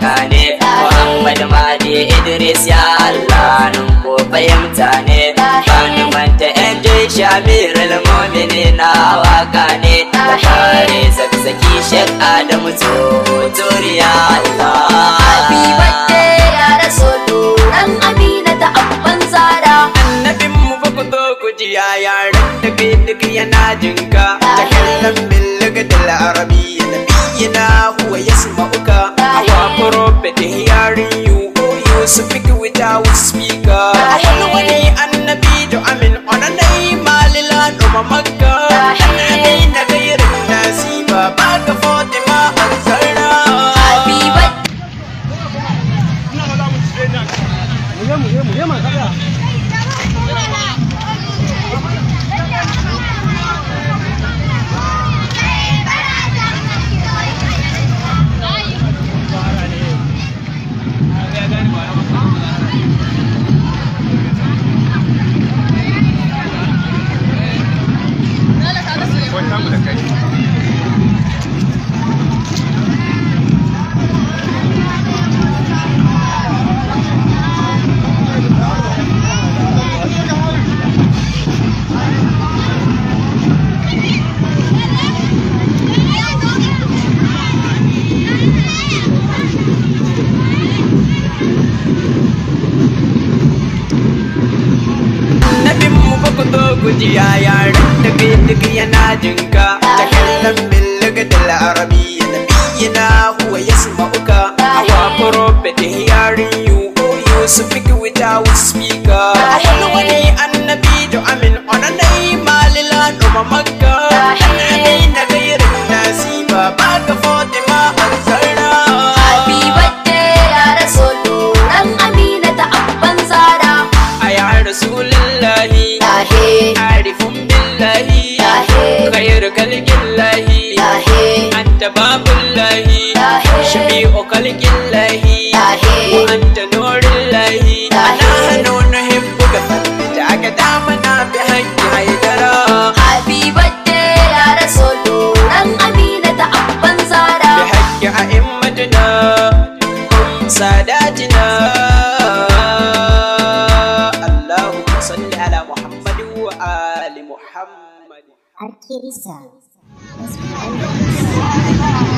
kane Muhammad Madi Idris ya Allah nan ko fahimta ne Bani manta yan dai Shamir al na waka ne Da fare zazzaki Sheikh Adamu Turiya Allah Happy birthday ya Rasulu Ran Amina ta abban zara Annabin mu ba ku zo ku ji ya yaran da duk yana jinka Ta zuciya ya rintube duk yana jinka ta kallon bin lugatul arabiya da biyina huwa ya sama'uka awa prophet hearing you Yusuf without speaker wani annabi da amin onanai malila noma makka lahi bi okalgin lahi wa anta nurin lahi ana hannu na himbu ga da aka dama na bi hanyar haidara happy birthday ya rasulu ran amina ta abban zara bi hanyar a'immatuna sadatina Allahumma salli ala Muhammadu wa ali Muhammad Arkirisa. Thank you.